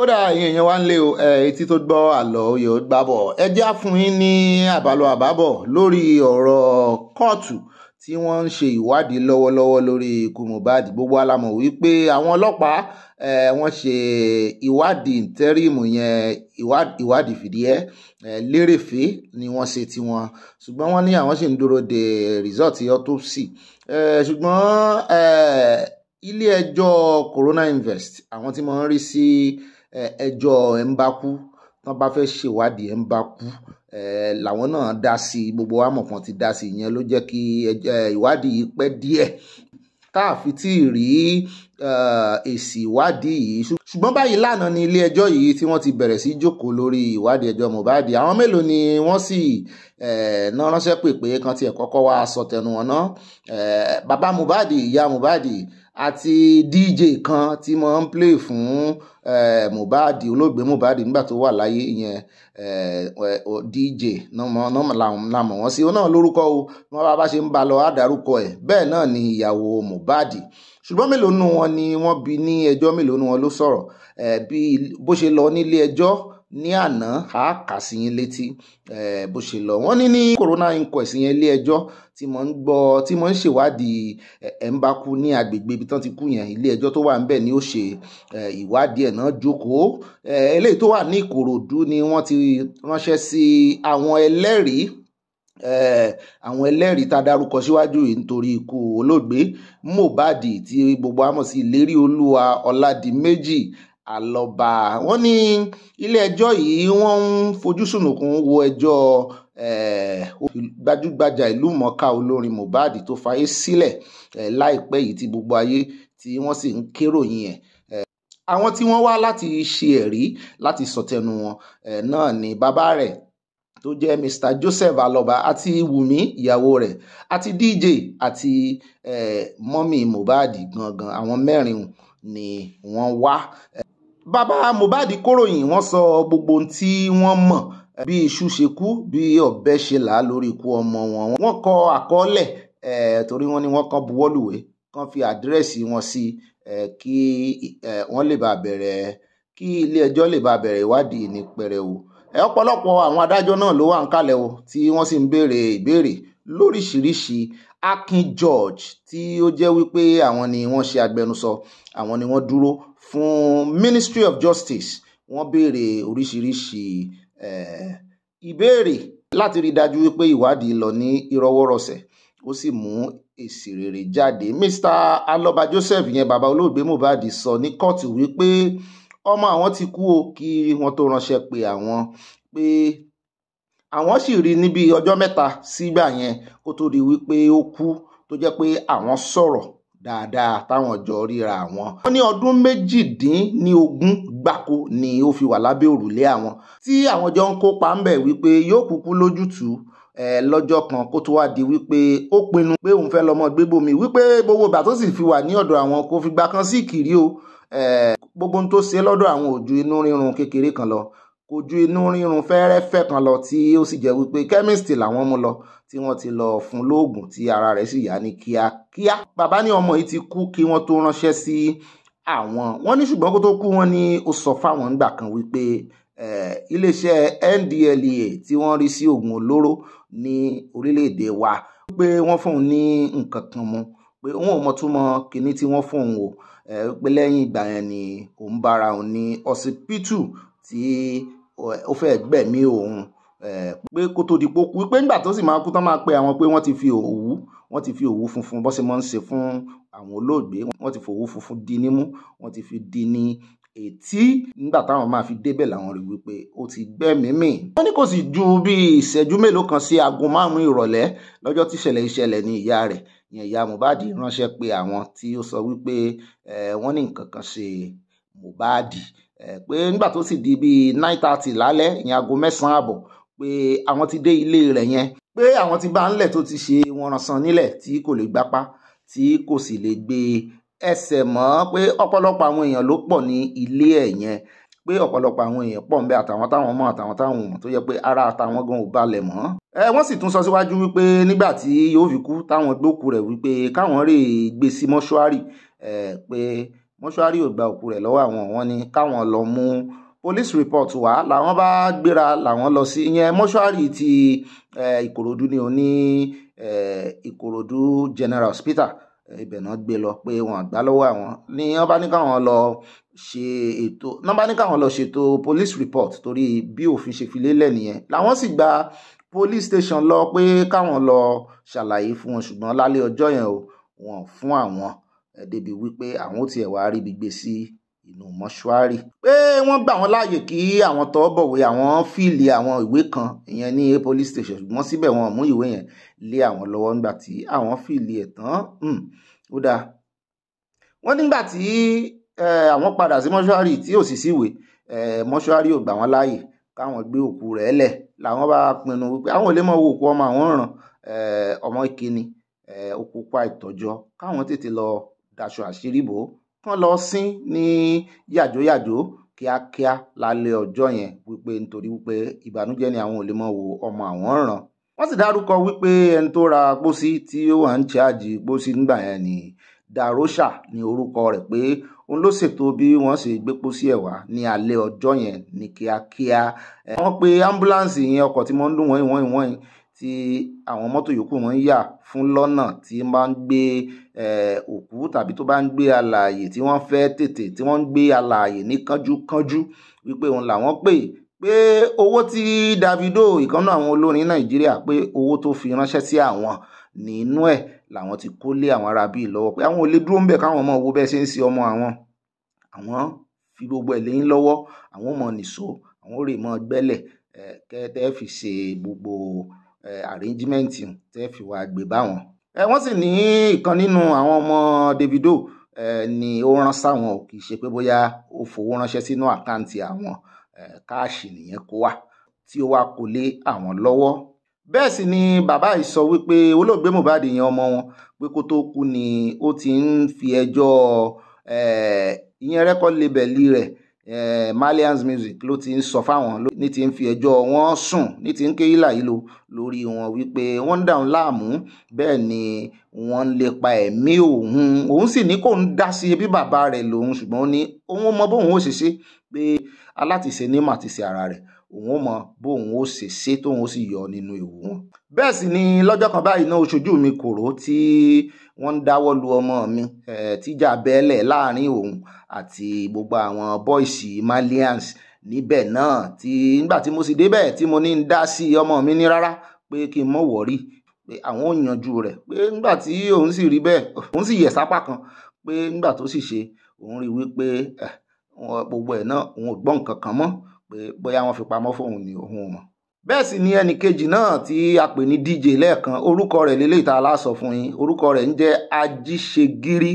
ó dà ìyẹn yẹn wá ń lé o etí tó gbọ́ àlọ́ oyè ó gbábọ̀ ẹ jẹ́ fún yín ní àbálọ àbábọ̀ lórí ọ̀rọ̀ kóòtù tí wọ́n ń ṣe ìwádìí lọ́wọ́lọ́wọ́ lórí ikú Mohbad gbogbo alamọ̀ wípé àwọn ọlọ́pàá wọ́n ṣe ìwádìí ntẹ́rìmù yẹn ìwádìí fìdíẹ́ lérèfé ni wọ́n ṣe tiwọn ṣùgbọ́n wọ́n ní àwọn ṣì ń dúró de result autopsy ṣùgbọ́n ilé ẹjọ́ Corona Invest àwọn tí mo ń rí sí. Si, ẹjọ́ ẹ̀ ń bá kú tán bá fẹ́ ṣèwádìí ẹ̀ ń bá kú làwọn náà dá sí i gbogbo amọ̀kan ti dá sí i yẹn ló jẹ́ kí ìwádìí yìí pẹ́ díẹ̀ tá a fi tí ì rí èsì ìwádìí yìí ṣùgbọ́n báyìí lánàá ni ilé ẹjọ́ yìí tí wọ́n ti bẹ̀rẹ̀ sí jókòó lórí ìwádìí ẹjọ́ Mohbad àwọn mélòó ni wọ́n sì ná ránṣẹ́ pè pé kan tiẹ̀ kọ́kọ́ wá sọ tẹnu wọn ná bàbá Mohbad ìyá Mohbad àti dj kan tí mo ń play fún eh, Mohbad olóògbé Mohbad nígbà tó wà láyé ìyẹn eh, eh, dj lámọ̀ wọ́n sí náà lórúkọ o wọ́n bá bá ṣe ń ba lọ àdárúkọ ẹ̀ bẹ́ẹ̀ náà ni ìyàwó Mohbad ṣùgbọ́n mélòó nu wọn ni wọ́n bi ní ẹjọ́ mélòó nu wọn ló sọ̀rọ̀ bí bó ṣe lọ nílé ẹjọ́ ní àná a kà sí yín létí bó ṣe lọ wọ́n ní ní corona inquest yẹn ilé ẹjọ́ tí mo ń gbọ́ tí mo ń ṣèwádìí ẹ̀ ń bá kú ní agbègbè ibi tán ti kú yẹn ilé ẹjọ́ tó wà ń bẹ̀ ni ó ṣe ìwádìí ẹ̀ náà jókòó eléyìí tó wà ní Ìkòròdú ni wọ́n ti ránṣẹ́ sí àwọn ẹlẹ́rìí àwọn ẹlẹ́rìí tá a dárúkọ síwájú yìí nítorí ikú olóògbé Mohbad tí gbogbo amọ̀ sí Ìlérí Olúwa Ọ̀làdìmẹ́jì Àlọ́ba wọ́n ní ilé-ẹjọ́ yìí wọ́n ń fojú sùnùkùn wo ẹjọ́ eh, gbajúgbajà ìlú mọ̀ọ́ká olórin Mohbad tó fayé sílẹ̀ eh, láìpẹ́ yìí tí gbogbo ayé tí wọ́n sì ń kéròyìn ẹ̀ eh, àwọn tí wọ́n wá láti ṣe ẹ̀rí láti sọ̀tẹnu wọn náà ni bàbá rẹ̀ tó jẹ́ Mr Joseph Aloba àti Wùmí ìyàwó rẹ̀ àti DJ àti mọ́mì Mohbad gangan àwọn mẹ́rin ni wọ́n wá bàbá Mohbad kóròyìn wọ́n sọ gbogbo ohun tí wọ́n mọ̀ bí iṣu ṣe kú bí ọ̀bẹ ṣe là á lórí ikú ọmọ wọn wọ́n kọ àkọọ́lẹ̀ torí wọ́n ní wọ́n kàn buwọ́lùwé kàn fi àdírẹ́sì wọn sí kí wọ́n lè bá bẹ̀rẹ̀ kí ilé ẹjọ́ lè bá bẹ̀rẹ̀ ìwádìí ní pẹrẹwu ọ̀pọ̀lọpọ̀ àwọn adájọ́ náà ló wà ń kalẹ̀ o tí wọ́n sì ń béèrè ìbéèrè lóríṣìíríṣìí Akin George tí ó jẹ́ wípé àwọn ni wọ́n ṣe agbẹnusọ àwọn ni wọ́n dúró fún Ministry of Justice wọ́n béèrè oríṣiríṣi ìbéèrè láti rí i dájú wípé ìwádìí lọ ní ìrọwọ́rọsẹ̀ ó sì mú èsì rere jáde Mr Aloba Joseph yẹn bàbá olóògbé Mohbad sọ ní kóòtù wípé ọmọ àwọn ti kú o kí wọ́n tó ránṣẹ́ pé àwọn pé àwọn sì rí níbi ọjọ́ mẹ́ta sígbà yẹn kó tó di wípé ó kú tó jẹ́ pé àwọn sọ̀rọ̀ dáadáa táwọn jọ ríra àwọn. wọ́n ní ọdún méjìdínlógún gbáko ni ó fi wà lábẹ́ òrùlé àwọn tí àwọn jọ ń kópa ń bẹ̀ wípé yóò kúkú lójútùú lọ́jọ́ kan kó tó wá di wípé ó pinnu pé òun fẹ́ lọ́mọ gbégbómi wípé gbogbo ìgbà tó sì fi wà ní ọ̀dọ̀ àwọn kò fìgbà kan sí ìkìrí o gbogbo ohun tó ṣe lọ́dọ̀ àwọn òjò inú rírun kékeré kan lọ kò ju inú rírun fẹ́rẹ́fẹ́ kan lọ tí ó sì jẹ́ wípé kẹ́míìsì làwọn mú lọ tí wọ́n ti lọ fún lóògùn tí ara rẹ̀ sì yá ní kíákíá. bàbá ní ọmọ yìí ti kú kí wọ́n tó ránṣẹ́ sí àwọn wọ́n ní ṣùgbọ́n kó tó kú wọ́n ní ó sọ fáwọn ńgbà kan wípé iléeṣẹ́ NDLEA tí wọ́n rí sí oògùn olóró ní orílẹ̀-èdè wa pé wọ́n fóun ní nǹkan kan mu pé òun ò mọ̀túmọ̀ kinní tí wọ́n fóun o pé lẹ́yìn ìgbà yẹn ni òun bára òun ní ọsibítù tí ó fẹ́ gbẹ̀mí òun pé kó tó di pókú pé nígbà tó sì máa kú tán máa pe àwọn pé wọ́n ti fi òwú wọ́n ti fi òwú funfun bọ́sẹ̀ máa ń ṣe fún àwọn olóògbé wọ́n ti fi òwú funfun di nímú wọ́n ti fi di ní ètí nígbà táwọn máa fi débẹ̀ làwọn rí wípé ó ti gbẹ́mìí mì. wọ́n ní kò sì ju bíi ìṣẹ́jú mélòó kan sí aago márùn-ún ìrọ̀lẹ́ lọ́jọ́ tí ìṣẹ̀lẹ̀ ìṣẹ̀lẹ̀ ní ìyá rẹ̀ ìyẹn ìyá Mohbad ránṣẹ́ pé àwọn tí ó sọ wípé wọ́n ní nǹkan kan ṣe Mohbad Eh, pé nígbà tó sì di bíi nine thirty lálẹ́ ìyẹn aago mẹ́sàn-án àbọ̀ pé àwọn ti dé ilé rẹ̀ yẹn pé àwọn ti bá ńlẹ̀ tó ti ṣe wọn ránṣan nílẹ̀ tí kò lè gbapá tí kò sì lè gbé ẹsẹ̀ mọ́ pé ọ̀pọ̀lọpọ̀ àwọn èèyàn ló pọ̀ ní ilé ẹ̀ yẹn pé ọ̀pọ̀lọpọ̀ àwọn èèyàn pọ̀ ńbẹ àtàwọn táwọn mọ̀ àtàwọn táwọn mọ̀ tó yẹ pé ara àtàwọn gan ò balẹ̀ mọ́. ẹ eh, wọ́n sì tún sọ síwájú wípé nígbà tí yóò fi kú táwọn gbókù rẹ̀ wípé káwọn rè é gbé sí mọ́ṣúárì eh, pé mọ́ṣúárì ò gba òkú rẹ̀ lọ́wọ́ àwọn wọn ni káwọn lọ mú police report wá làwọn bá gbéra làwọn lọ sí ìyẹn mọ́ṣúárì ti ìkòròdú ni ò ìkòròdú general hospital ibẹ̀ náà gbé lọ pé wọn àgbá lọ́wọ́ àwọn ni wọ́n bá ní káwọn lọ ṣe ètò wọ́n bá ní káwọn lọ ṣètò police report torí bí òfin ṣe fi lélẹ̀ nìyẹn làwọn sì gba police station lọ pé káwọn lọ ṣàlàyé fún wọn ṣùgbọ́n lálẹ́ ọjọ́ yẹn o wọn fún àwọn débi wípé àwọn ó tiẹ̀ wá ríbi gbé sí inú mọ́ṣúárì pé wọ́n gbà wọ́n láàyè kí àwọn tó bọ̀wé àwọn fíìlì àwọn ìwé kan ìyẹn ní police station ṣùgbọ́n síbẹ̀ wọn ò mú ìwé yẹn lé àwọn lọ́wọ́ nígbà tí àwọn fíìlì ẹ̀ tán hmm, ó dáa wọ́n nígbà tí àwọn padà sí mọ́ṣúárì tí ò sì síwè mọ́ṣúárì ò gbà wọ́n láàyè káwọn gbé òkú rẹ̀ lẹ̀ làwọn bá pinnu wípé àwọn ò lè mọ owó òkú ọmọ àwọn ràn ọmọ ìkíni òkú pa ìtọ́jọ́ káwọn tètè lọ daṣọ àṣírí bò kán lọ sín ní yàjóyàjó kíákíá lálẹ́ ọjọ́ yẹn wípé nítorí wípé ìbànújẹ́ ni àwọn ò lè mọ wo ọmọ àwọn ràn wọ́n sì dárúkọ wípé ẹni tó ra pósí tí ó wà ń ṣáàjì pósí nígbà yẹn ni darosha ni orúkọ rẹ̀ pé òun ló ṣètò bí wọ́n ṣe gbé pósí ẹ̀ wá ní alẹ́ ọjọ́ yẹn ní kíákíá wọ́n pe ambulance yẹn ọkọ̀ tí wọ́n ń dún wọ́n ìwọ́n ìwọ́n yìí tí àwọn mọ́tò yòókù wọn ń yà fún lọ́nà tí máa ń gbé eh, òkú tàbí tó bá ń gbé alààyè tí wọ́n fẹ́ tètè tí wọ́n ń gbé alààyè ní kánjúkánjú wípé òun làwọn pè pé owó tí Davido ìkànnà àwọn olórin Nàìjíríà pé owó tó fi ránṣẹ́ sí àwọn nínú ẹ̀ làwọn ti kó lé àwọn ará bíi lọ́wọ́ pé àwọn ò lè dúró ń bẹ̀ káwọn ọmọ owó bẹ́ẹ̀ ṣe ń ṣe ọmọ àwọn àwọn fi gbogbo ẹ̀ lẹ́yìn lọ́wọ́ àwọn ò mọ̀ nìṣó àwọn ò gbẹ́lẹ̀ eh, kẹ́tẹ́ fi ṣe gbogbo Eh, arrangement tẹ́ fi wá gbé báwọn. Eh, wọ́n sì ní ìkan nínú àwọn ọmọ Davido eh, ni ó rán sáwọn kì í ṣe pé bóyá ó fowó ránṣẹ́ sínú àkáǹtì àwọn káàṣì nìyẹn kó wà tí ó wá kó lé àwọn lọ́wọ́ bẹ́ẹ̀ sì ni bàbá yìí sọ wípé olóògbé Mohbad yẹn ọmọ wọn pé kó tó kú ni ó ti ń fi ẹjọ́ ìyẹn rẹ́kọ́ lebẹ̀lì rẹ̀ Eh, Malians Music ló ti ń sọ fáwọn ní ti ń fi ẹjọ́ wọn sùn ní ti ń ké ìlà yìí lo lórí wọn wípé wọ́n ń dà òun láàmú bẹ́ẹ̀ ni wọ́n ń lépa ẹ̀mí òun òun sì ní kò ń dá sí bí bàbá rẹ̀ lòun ṣùgbọ́n ó ní òun mọ bóun ó ṣe ṣe pé alátìṣe ní màtìṣe ara rẹ̀ òun ó mọ bó òun ó ṣe ṣe tóun ó sì yọ nínú ewu wọn. bẹ́ẹ̀ sì ni lọ́jọ́ kan báyìí náà oṣojú mi kòró tí wọ́n ń dáwọ́ lu ọmọ mi tíjà bẹ́ẹ̀lẹ̀ láàrin òun àti gbogbo àwọn bọ́ìsì malians níbẹ̀ náà tí nígbà tí mo sì débẹ̀ tí mo ní ń dá sí ọmọ mi ní rárá pé kí n mọ̀ wọ̀rí pé àwọn ò yanjú rẹ̀ pé nígbà tí òun sì rí bẹ́ẹ̀ òun sì yẹ̀ sápá kan pé nígbà tó sì ṣe òun rí wípé gbogbo ẹ̀ náà òun ò gbọ́ nǹkan mọ́ pé bóyá wọ́n fi pamọ́ fóun ni òun ò bẹ́ẹ̀ sì ni ẹnì kejì náà tí a pè ní DJ lẹ́ẹ̀kan orúkọ rẹ̀ lélẹ́yìí tá a lá sọ fún yín orúkọ rẹ̀ ń jẹ́ ajíṣegírí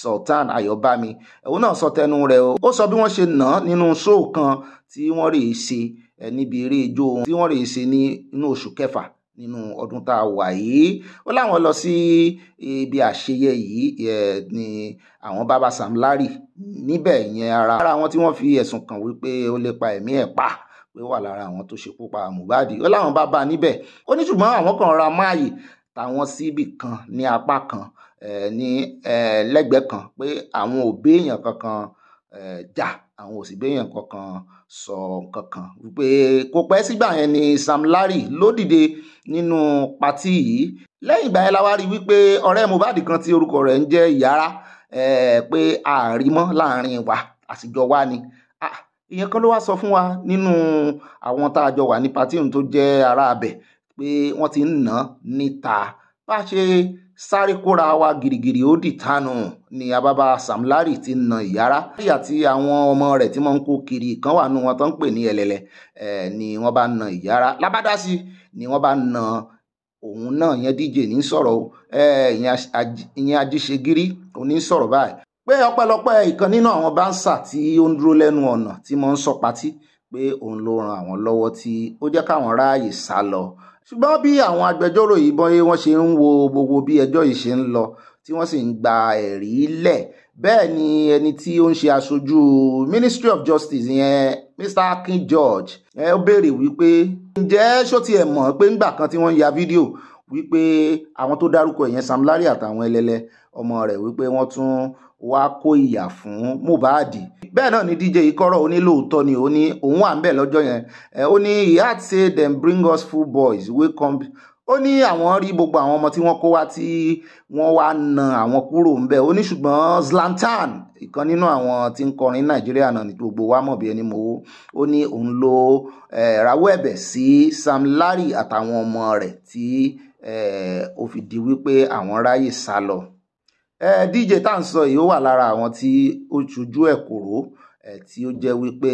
sultan ayobami. òun náà sọ tẹnu rẹ̀ o ó sọ bí wọ́n ṣe nà án nínú ṣóò kan tí wọ́n rèé ṣe níbi eré ijó wọn tí wọ́n rèé ṣe ní inú oṣù kẹfà nínú ọdún tá a wà yìí ó láwọn lọ sí ibi àṣeyẹ yìí ni àwọn bàbá Sam Larry níbẹ̀ yẹn ara ara wọn tí wọ́n fi ẹ̀sùn kàn wípé ó lè pa ẹ̀mí ẹ̀ pa pé wà lára àwọn tó ṣekú pa Mohbad ó láwọn bàbá níbẹ̀ ó ní ṣùgbọ́n àwọn kan ra máàyè táwọn síbì kan ní apá kan ní lẹ́gbẹ̀ẹ́ kan pé àwọn ò béèyàn kankan jà àwọn ò sì béèyàn kankan sọ kankan wípé kò pẹ́ sígbà yẹn ni Sam Larry ló dìde nínú patí yìí lẹ́yìn ìgbà yẹn la wá rí wípé ọ̀rẹ́ Mohbad kan tí orúkọ rẹ̀ ń jẹ́ Ìyára eh, pé àrímọ́ láàrin wa àtijọ́ wa ni ìyẹn kan ló wá sọ fún wa nínú àwọn tá a jọ wà ní patí òun tó jẹ́ ará abẹ̀ pé wọ́n ti ń nà níta bá a ṣe sáré kóra wa gìrìgìrì ó dìtanù ni ababa Sam Larry ti na ìyára Larry àti àwọn ọmọ rẹ̀ tí wọ́n ń kó kiri kan wà nù wọn tó ń pè ní ẹlẹ́lẹ́ ni wọ́n bá na ìyára lábádásí ni wọ́n bá na òun náà yẹn díje ní sọ̀rọ̀ o ìyẹn ajíṣegírí òní sọ̀rọ̀ báyìí pé ọpẹ́lọpẹ́ ìkan nínú àwọn báńsà tí ó ń dúró lẹ́nu ọ̀nà tí mo ń sọ patí pé òun ló ran àwọn lọ́wọ́ tí ó jẹ́ káwọn ráàyè sá lọ ṣùgbọ́n bí àwọn agbẹjọ́rò yìí bọ́yé wọ́n ṣe ń wo gbogbo bí ẹjọ́ yìí ṣe ń lọ tí wọ́n sì ń gba ẹ̀rí lẹ̀ bẹ́ẹ̀ ni ẹni tí ó ń ṣe aṣojú Ministry of Justice yẹn Mr. Akin George ẹ ó béèrè wípé ǹjẹ́ ṣó tiẹ̀ mọ̀ pé ńgbà kan tí wọ́n ń ya fídíò wípé àwọn tó dárúkọ ìyẹn Sam Larry àtàwọn ẹlẹ́lẹ́ ọmọ rẹ̀ wípé wọ́n tún wàá kó ìyà fún Mohbad bẹ́ẹ̀ náà ni DJ Ikoro ó ní lóòótọ́ ni ó ní òun wà ń bẹ̀ lọ́jọ́ yẹn ó ní he had say dem bring us full boys wey come ó ní àwọn rí gbogbo àwọn ọmọ tí wọ́n kó wá tí wọ́n wá na àwọn kúrò ńbẹ̀ ó ní ṣùgbọ́n Zlatan ìkan nínú àwọn tí ń kọrin Nàìjíríà náà ní gbogbo wa mọ̀ bí ẹni mọ̀ ó ó ní òun ló rawọ́ ẹ̀bẹ̀ sí Sam Larry àtàwọn ọmọ rẹ̀ tí ó fi di wípé àwọn ráyè sá lọ dj tá à ń sọ yìí ó wà lára àwọn tí ó ṣojú ẹ̀ kòró tí ó jẹ́ wípé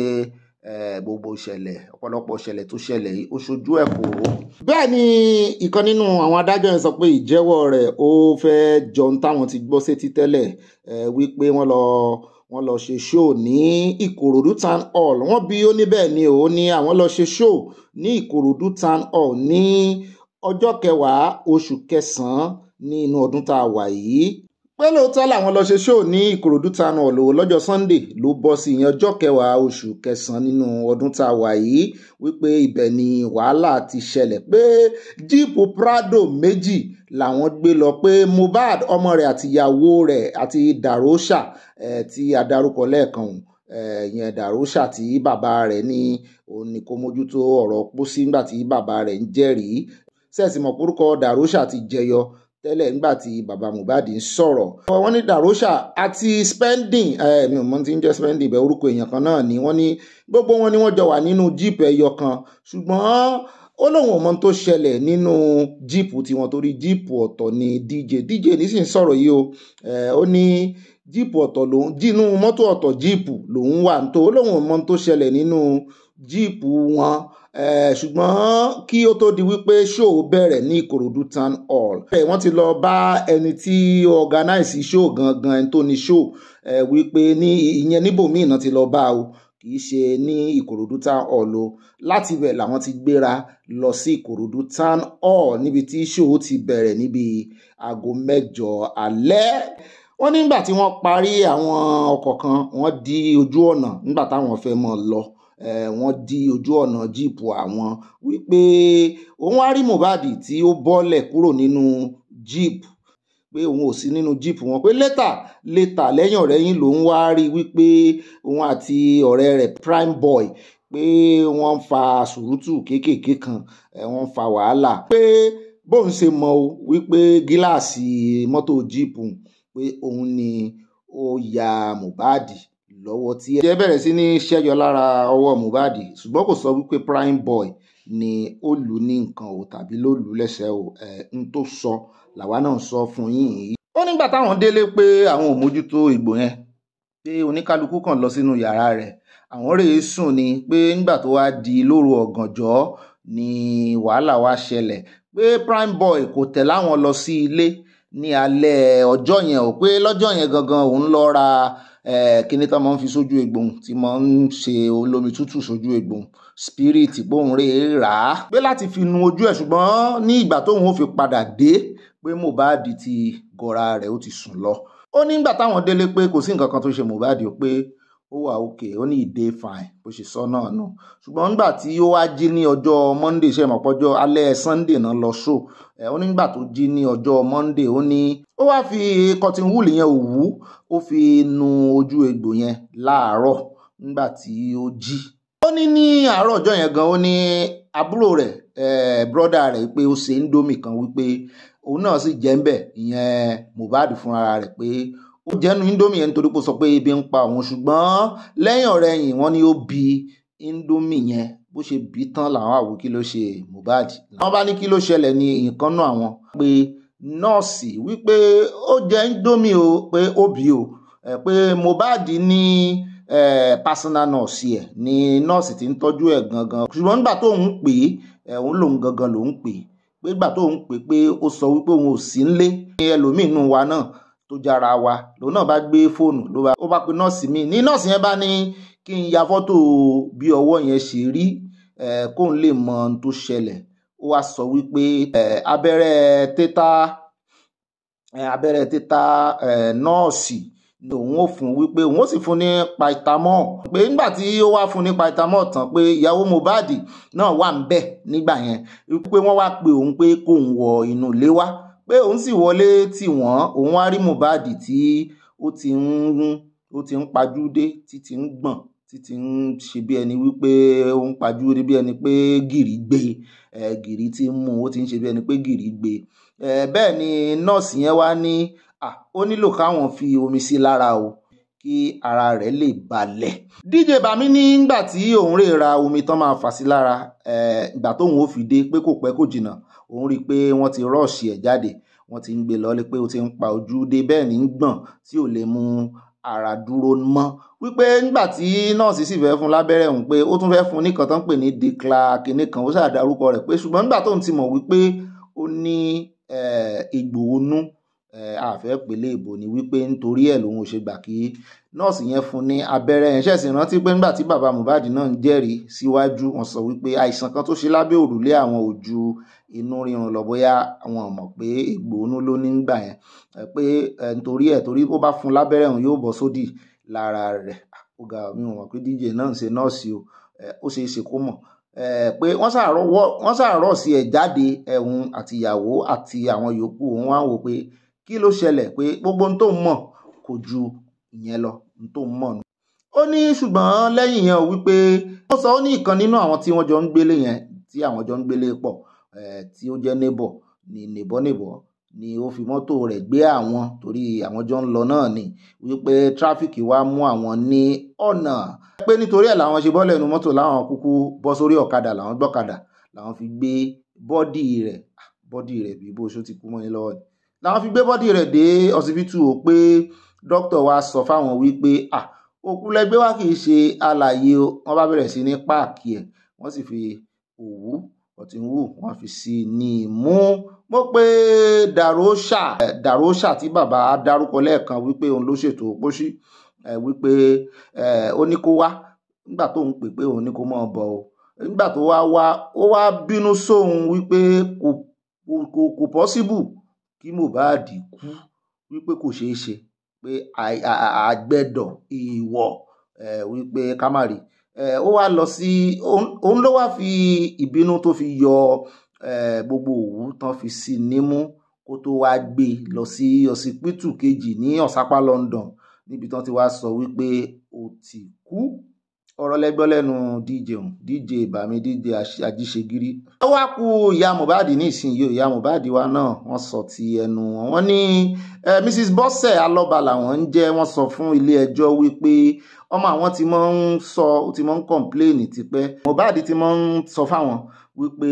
gbogbo ìṣẹ̀lẹ̀ ọ̀pọ̀lọpọ̀ ìṣẹ̀lẹ̀ tó ṣẹlẹ̀ yìí ó ṣojú ẹ̀ kòró. bẹ́ẹ̀ ni ìkan nínú àwọn adájọ́ yẹn sọ pé ìjẹ́wọ́ rẹ̀ ó fẹ́ jọun táwọn ti gbọ́ sétí tẹ́lẹ̀ wípé wọ́n lọ wọ́n lọ ṣe ṣó ní ìkòròdú town hall wọ́n bí ó ní ni ó ní àwọn lọ ṣe ṣó ní ìkòròdú town hall ní ọjọ́ kẹwàá oṣù kẹsàn-án ní inú ọdún tá a wà yìí pé lóòótọ́ làwọn lọ ṣe ṣóò ní ìkòròdú tanu ọ̀lọ́wọ́ lọ́jọ́ sunday ló bọ́ sí ìyẹn ọjọ́ kẹwàá oṣù kẹsàn-án nínú ọdún tá a wà yìí wípé ibẹ̀ ni wàhálà ti ṣẹlẹ̀ pé jíìpù prado méjì làwọn gbé lọ pé mohbad ọmọ rẹ̀ àtìyàwó rẹ̀ àti darosha ẹ̀ tí a dárúkọ lẹ́ẹ̀kan ọ̀hún yẹn dàrúṣà tí bàbá rẹ̀ ní òun ọ̀rọ̀ pósí nígbà tí bàbá rẹ̀ ń jẹ́rìí sẹ́ẹ̀sì mọ̀ tẹ́lẹ̀ ńgbà tí bàbá Mohbad ń sọ̀rọ̀. wọ́n ní Darosha àti spending eh, mi ò mọ ti ń jẹ́ spending bẹ́ẹ̀ orúkọ èèyàn kan náà ni wọ́n ní gbogbo wọn ni wọ́n jọ wà nínú jíìpù ẹyọ kan ṣùgbọ́n ó lóun ò mọ tó ṣẹlẹ̀ nínú jíìpù tiwọn torí jíìpù ọ̀tọ̀ ni DJ DJ ní sì ń sọ̀rọ̀ yìí o eh, ó ní jíìpù ọ̀tọ̀ lòun jínú mọ́tò ọ̀tọ̀ jíìpù lòun wà ń tó ó lóun ò tó ṣẹlẹ̀ nínú jíìpù wọn ṣùgbọ́n kí ó tó di wípé ṣóò bẹ̀rẹ̀ ní ìkòròdú town hall. wọ́n ti lọ bá ẹni tí organize ṣóò gangan ẹni tó ní ṣóò wípé ní ìyẹn níbòmíì náà ti lọ bá o kì í ṣe ní ìkòròdú town hall o láti bẹ̀ làwọn ti gbéra lọ sí ìkòròdú town hall níbi tí ṣóò ti bẹ̀rẹ̀ níbi aago mẹ́jọ alẹ́ wọ́n nígbà tí wọ́n parí àwọn ọkọ̀ kan wọ́n di ojú ọ̀nà nígbà táwọn fẹ́ mọ́ lọ Eh, wọ́n dí ojú ọ̀nà jíìpù àwọn wípé òun á rí Mohbad tí ó bọ́lẹ̀ kúrò nínú jíìpù pé òun ò sí nínú jíìpù wọn pé létà létà lẹ́yìn ọ̀rẹ́ yín lòun wá rí wípé òun àti ọ̀rẹ́ rẹ̀ prime boy pé wọ́n ń fa sùrùtù kéékèèké kan eh, wọ́n ń fa wàhálà pé bóun ṣe mọ o wípé gíláàsì mọ́tò jíìpù pé òun ni ó ya Mohbad lọ́wọ́ tí ẹ bẹ̀rẹ̀ sí ní ṣẹ́yọ lára ọwọ́ Mohbad ṣùgbọ́n kò sọ wípé Prime Boy ni ó lù ní nǹkan o tàbí ló lù lẹ́sẹ̀ o ẹ̀ ń tó sọ làwa náà sọ fún yín. ó nígbà táwọn délé pé àwọn ò mójútó ìgbò yẹn pé oníkálukú kàn lọ sínú yàrá rẹ̀ àwọn rèé sùn ni pé nígbà tó wá di lóru ọ̀gànjọ́ ni wàhálà wá ṣẹlẹ̀ pé Prime Boy kò tẹ̀ láwọn lọ sí ilé ní alẹ́ ọjọ́ yẹn ò pé lọ́jọ́ yẹn gangan òun lọ ra kíní tá máa ń fi sójú egbòun tí máa ń ṣe olómi tútù sójú egbòun spirit bóun rè é rà á. pé láti fi nu ojú ẹ̀ ṣùgbọ́n ní ìgbà tóun ó fi padà dé pé Mohbad ti gọra rẹ̀ ó ti sùn lọ. ó ní ìgbà táwọn délé pé kò sí nǹkan kan tó ṣe Mohbad ó pé ó wà òkè ó ní ìdè fine bó ṣe sọ náà nù ṣùgbọ́n nígbà tí ó wá jí ní ọjọ́ Monday ṣe mọ̀pọ́jọ́ alẹ́ Sunday náà lọ show ẹ ó nígbà tó jí ní ọjọ́ Monday ó ní ó wáá fi cotton wool yẹn òwú ó fi nu ojú egbò yẹn láàárọ̀ nígbà tí ó jí ó ní ní àárọ̀ ọjọ́ yẹn gan ó ní àbúrò rẹ̀ brọ́dà rẹ̀ pé ó ṣe indomie kan wípé òun náà sì jẹ́ ń bẹ̀ ìyẹn Mohbad fúnra rẹ̀ pé ó jẹ́nu indomie yẹn nítorí pé ó sọ pé ebi ń pa òun ṣùgbọ́n lẹ́yìn ọ̀rẹ́yìn wọ́n ní ó bi indomie yẹn bó ṣe bí tán làwọn àwò kí ló ṣe Mohbad àwọn bá ní kí ló ṣẹlẹ̀ ní nǹkan náà àwọn pé nọ́ọ̀sì wípé ó jẹ́ ń dómi o pé ó bí o pé Mohbad ní personal nurse ẹ̀ ní nọ́ọ̀sì tí ń tọ́jú ẹ̀ gangan ṣùgbọ́n nígbà tó ń pè é òun lòun gangan lòun pè é pé nígbà tó ń pè é pé ó sọ wípé òun ò sí nílé ní ẹlòmíín nù wa náà tó jára wa lòun náà bá gbé fóònù ló bá pe nọ́ọ̀sì míì ní nọ́ọ̀sì yẹn bá ní kí n ya fọ́tò bí ọwọ́ yẹn ṣe rí kóun lè mọ ohun tó ṣẹlẹ̀ ó wá sọ wípé abẹ́rẹ́ tẹ́tà abẹ́rẹ́ tẹ́tà nọ́ọ̀sì ni òun ò fún wípé òun ò sì fún ní paitamọ́ pé nígbà tí ó wá fún ní paitamọ́ tán pé ìyàwó Mohbad náà wà ń bẹ̀ nígbà yẹn wípé wọ́n wá pe òun pé kóun wọ inú ilé wá pé òun sì wọlé tì wọ́n òun wá rí Mohbad tí ó ti ń ó ti ń pajúdé tí ti ń gbọ̀n títí ń ṣe bí ẹni wípé ó ń pajú rí bí ẹni pé gìrì gbé ẹ gìrì ti ń mú ó ti ń ṣe bí ẹni pé gìrì gbé ẹ bẹ́ẹ̀ ni nọ́ọ̀sì yẹn wá ní ó nílò káwọn fi omi sí lára o kí ara rẹ̀ lè balẹ̀. DJ Bami ní ìgbà tí òun rè ra omi tán máa fà sí lára ìgbà tóun ó fi dé pé kò pẹ́ kò jìnnà òun rí i pé wọ́n ti rọ́ọ̀ṣì ẹ̀ jáde wọ́n ti ń gbé lọ́lé pé ó ti ń pa ojú dé bẹ́ẹ̀ ní gbọ̀n tí ò lè mú ara dúró mọ́ wípé nígbà tí nọ́ọ̀sì sì fẹ́ fún lábẹ́rẹ́ òun pé ó tún fẹ́ fún nìkan tán pè ní decla kìnìún kan ó ṣàdárúkọ rẹ̀ pé ṣùgbọ́n nígbà tóun ti mọ̀ wípé ó ní egbò onú àfẹ́ pèlè ìbò ni wípé nítorí ẹ̀ lòun ò ṣe gbà kí nọ́ọ̀sì yẹn fún ní abẹ́rẹ́ yẹn ṣẹ̀sìn rántí pé nígbà tí bàbá Mohbad náà ń jẹ́rìí síwájú wọn sọ wípé àìsàn kan tó ṣe lábẹ́ òrùlé àwọn ò ju inú rírun lọ bóyá wọn mọ̀ pé ìgbónú ló ní gbà yẹn pé nítorí ẹ̀ torí bó bá fún lábẹ́rẹ́ òun yóò bọ́ sódì lára rẹ̀ ó ga mi ò mọ̀ pé DJ náà ń ṣe nọ́ọ̀sì o ó ṣeé ṣe kó mọ̀ pé wọ́n ṣàárọ̀ sí ẹ̀ jáde ẹ̀hún àtìyàwó àti àwọn yòókù òun wá wò pé kí ló ṣẹlẹ̀ pé gbogbo ohun tó ń mọ̀ kò ju ìyẹn lọ ohun tó ń mọ̀ nù. ó ní ṣùgbọ́n lẹ́yìn yẹn wípé wọ́n sọ ó ní ìkan nínú àwọn tí wọ́n jọ ń gbélé yẹn tí àwọn jọ ń gbélé pọ̀ tí ó jẹ́ neighbor ní neighbor neighbor ni ó fi mọ́tò rẹ̀ gbé àwọn torí àwọn jọ ń lọ náà ni wípé tráfíkì wá mú àwọn ní ọ̀nà pé nítorí ẹ̀ làwọn ṣe bọ́lẹ̀ inú mọ́tò láwọn kúkú bọ́ sórí ọ̀kadà làwọn gbọ́kadà làwọn fi gbé bọ́dì rẹ̀ bọ́dì rẹ̀ bí bó ṣó ti kú mọ́ ní lọ́wọ́ ni làwọn fi gbé bọ́dì rẹ̀ dé ọsibítù o pé dókítà wa sọ fáwọn wípé òkú lẹgbẹ́ wa kì í ṣe alàyè o wọ́n bá bẹ̀rẹ̀ sí ní páàkì ẹ̀ wọ́n sì fi òwú ọ̀tínwó wọ́n fi sí i ní imú mo pé dàrósà dàrósà tí bàbá dárúkọ lẹ́ẹ̀kan wípé òun ló ṣètò pósí wípé ó ní kó wá nígbà tó ń pè pé òun ní kó máa bọ̀ o nígbà tó wá wá ó wá bínú sóhun wípé kò kò possible kí Mohbad kú wípé kò ṣeé ṣe pé àgbẹ̀dọ̀ ìwọ̀ wípé ká má rí ó wá lọ sí òun ló wá fi ìbínú tó fi yọ gbogbo òwú tán fi sí nímú kó tó wá gbé e lọ sí ọsibítù kejì ní Ọ̀sápá London níbi tán ti wá sọ wípé ó ti kú ọ̀rọ̀ lẹ́gbọ́ lẹ́nu dj dj bami dj ajíṣegiri. ó wá ku ìyá Mohbad nísìnyí ìyá Mohbad wa náà wọ́n sọ ti ẹnu wọn wọ́n ní Mrs. Bose Aloba làwọn ń jẹ́ wọ́n sọ fún ilé ẹjọ́ wípé ọmọ àwọn ti máa ń sọ ti máa ń kọ̀ǹpléènì tipẹ́ Mohbad ti máa ń sọ fáwọn wípé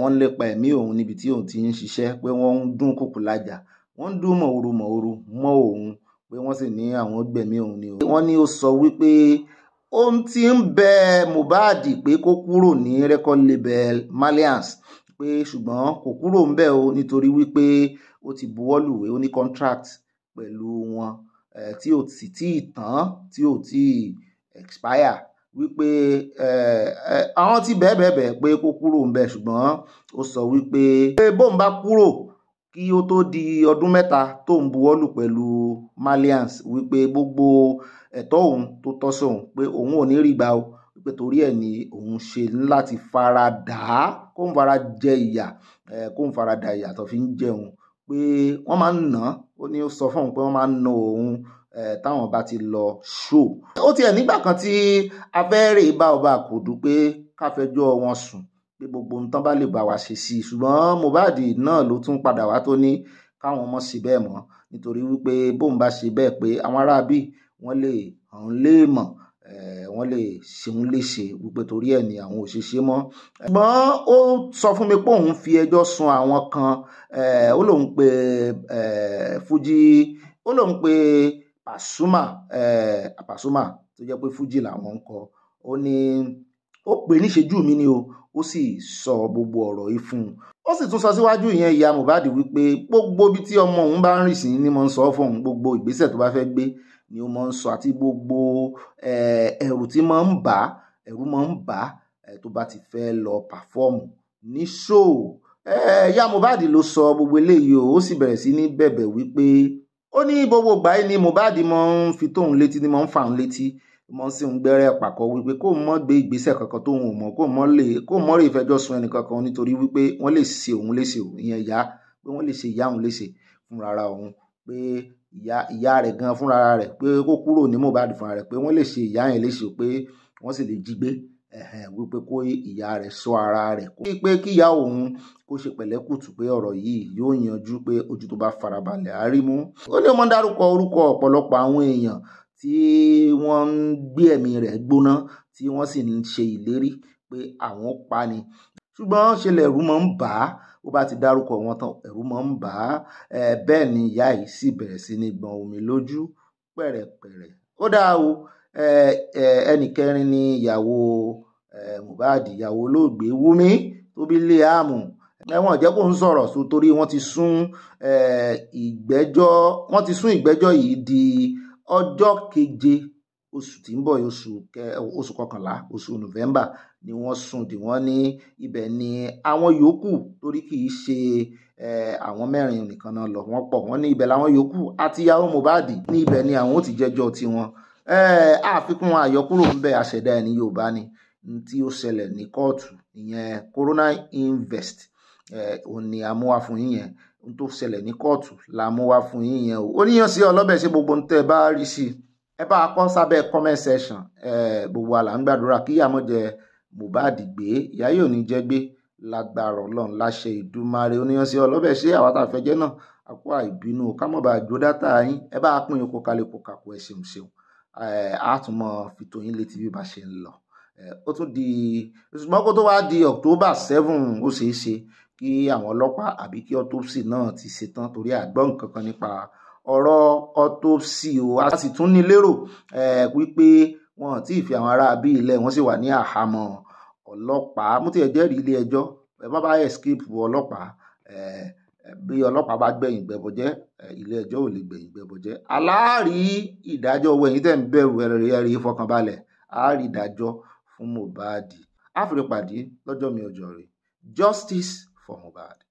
wọ́n ń lépa ẹ̀mí òun níbi tí òun ti ń ṣiṣẹ́ pé wọ́n ń dún kùkùlájà wọ́n ń dún mọ̀ọ́rù mọ̀ọ́rù mọ́ òun ni òun. wọ́n ní ó ti ń bẹ Mohbad pé kó kúrò ní record label Malians pé ṣùgbọ́n kò kúrò ń bẹ̀ o nítorí wípé ó ti buwọ́lùwé ó ní contract pẹ̀lú wọn eh, tí ò sì tí ì tán tí ò tí ì expire wípé eh, eh, àwọn ti bẹ́ẹ̀ bẹ́ẹ̀ bẹ́ẹ̀ pé kó kúrò ń bẹ̀ ṣùgbọ́n ó sọ wípé bóun bá kúrò kí ó tó di ọdún mẹ́ta tóun buwọ́lù pẹ̀lú Malians wípé gbogbo ẹ̀tọ́ òun tó tọ́ sí òun pé òun ò ní rí gbà o pé torí ẹ̀ ni òun ṣe láti fara dà á kó ń fara jẹ ìyà kó ń fara dà ìyà tó fi ń jẹun pé wọ́n máa ń nà án ó ní ó sọ fún òun pé wọ́n máa ń nà òun táwọn bá ti lọ ṣó. ó tiẹ̀ nígbà kan tí abẹ́rẹ́ bá ọba àkòdù pé káfẹjọ́ wọn sùn pé gbogbo nǹkan bá lè bá wa ṣe sí i ṣùgbọ́n Mohbad náà ló tún padà wá tó ní káwọn ọmọ ṣe bẹ́ẹ̀ mọ́ nítorí wípé bóun bá ṣe bẹ́ẹ̀ pé àwọn aráabí wọ́n lè hàn lè mọ̀ eh, wọ́n lè ṣeun léṣe wípé torí ẹ̀ ni àwọn òṣìṣẹ́ mọ́. ṣùgbọ́n ó sọ fún mi pé òun fi ẹjọ́ sun àwọn kan eh, ó lóun pe eh, Fuji ó lóun pe Pasuma Pasuma tó jẹ́ pé Fuji làwọn ń kọ ó ní ó pè níṣẹ́jú mi ni o ó sì sọ gbogbo ọ̀rọ̀ yìí fún un ó sì tún sọ síwájú ìyẹn ìyá Mohbad wípé gbogbo ibi tí ọmọ òun bá ń rìn sí ni mo ń sọ fún òun gbogbo ìgbésẹ̀ tó bá fẹ́ gbé ni mo ń sọ àti gbogbo ẹ̀rù tí mo ń bà á ẹ̀rù mo ń bà á tó bá ti fẹ́ lọ pàfọ́ọ̀mù ní ṣóò ìyá Mohbad ló sọ gbogbo eléyìí ó sì bẹ̀rẹ̀ sí ní bẹ̀bẹ̀ wípé ó ní gbogbo ìgbà ni Mohbad mo ń fi tóun létí ni mo ń fà ń létí mọ́ sí ń gbẹ́rẹ́ pàkọ́ wípé kó mọ́ gbé ìgbésẹ̀ kankan tó ń mọ̀ kó mọ́ lè kó mọ́ lè fẹjọ́ sun ẹnì kankan nítorí wípé wọ́n lè ṣe òun léṣe ìyẹn ìyá pé wọ́n lè ṣe ìyá òun léṣe fúnra ara òun pé ìyá ìyá rẹ̀ gan fúnra ara rẹ̀ pé kó kúrò ní Mohbad fúnra rẹ̀ pé wọ́n lè ṣe ìyá yẹn léṣe pé wọ́n sì lè jí gbé wípé kó ìyá rẹ̀ sọ ara rẹ̀ kó pé kíyá òun kó ṣe pẹ̀lẹ́kùtù pé ọ̀rọ̀ yìí yóò yanjú pé ojú tó bá farabalẹ̀ á rí mú. ó ní ọmọ dárúkọ orúkọ ọ̀pọ̀lọpọ̀ àwọn èèyàn tí wọ́n ń gbé ẹ̀mí rẹ̀ gbóná tí wọ́n sì ń ṣe ìlérí pé àwọn pa ni ṣùgbọ́n ṣe lẹ̀rú máa ń bà á ó bá ti dárúkọ wọn tán ẹ̀rú máa ń bà á bẹ́ẹ̀ ni ìyá yìí sì bẹ̀rẹ̀ sí ní gbọ̀n omi lójú pẹ̀rẹ̀pẹ̀rẹ̀ ó dáa o ẹnì kẹrin ni ìyàwó Mohbad ìyàwó olóògbé Wúmi tó bí Liam ẹ̀wọ̀n jẹ́ ń sọ̀rọ̀ so wọ́n ti sún ìgbẹ́jọ́ yìí di ọjọ́ keje oṣù tí ń bọ̀ oṣù oṣù kọkànlá oṣù nọ́vẹ́mbà ni wọ́n sùn dì wọ́n ní ibẹ̀ ni àwọn yòókù torí kì í ṣe àwọn mẹ́rin nìkan náà lọ wọ́n pọ̀ wọ́n ní ibẹ̀ làwọn yòókù àti ìyàwó Mohbad ní ibẹ̀ ni àwọn ò ti jẹ́jọ́ tiwọn àfikún àyọkúrò ń bẹ àṣẹdá ẹni Yorùbá ni tí ó ṣẹlẹ̀ ní kóòtù ìyẹn corona invest òun ni amúwáfún yìnyẹn n tó ṣẹlẹ̀ ní kóòtù la mú wá fún yín yẹn o oníyàn sí ọlọ́bẹ̀ ṣe gbogbo tẹ́ ẹ bá rí sí ẹ bá kọ́ sábẹ́ comment section gbogbo àlà ń gbàdúrà kí ìyá mọ̀jẹ Mohbad gbé ìyá yóò ní jẹ́ gbé lágbára ọlọ́run láṣẹ ìdúmarè oníyàn sí ọlọ́bẹ̀ ṣe àwọn àtàfẹ́jẹ́ náà àpò àìbínú kámọ̀bà àjò yín ẹ bá pín in kó kalẹ̀ kó kàkó ẹ ṣeun ṣeun àtúmọ̀ fi tó yín létí bí bá ṣe ń lọ ó tún di ṣùgbọ́n kó tó wá di October seven ó ṣeé ṣe kí àwọn ọlọ́pàá àbí kí autopsy náà ti ṣetán torí àgbọ́ nǹkan kan nípa ọ̀rọ̀ autopsy o a sì tún ní lérò eh, wípé wọn ò tí ì fi àwọn ará bí ilẹ̀ wọn sì wà ní àhámọ́ ọlọ́pàá mo ti ẹ̀ jẹ́rìí ilé ẹjọ́ ẹ bá bá escape ọlọ́pàá eh, bí ọlọ́pàá bá gbẹ̀yìn gbẹ̀bọ̀jẹ́ eh, ilé ẹjọ́ ò lè gbẹ̀yìn gbẹ̀bọ̀jẹ́ aláàrí ìdájọ́ owó ẹ̀yìn tẹ̀ ń bẹ̀rù ẹ̀rẹ̀ ẹ̀rí fọkànbalẹ̀ àárí ìdájọ́ fún Mohbad àfìrèpàdé lọ́jọ́ mi ọjọ́ rẹ̀ justice formal that.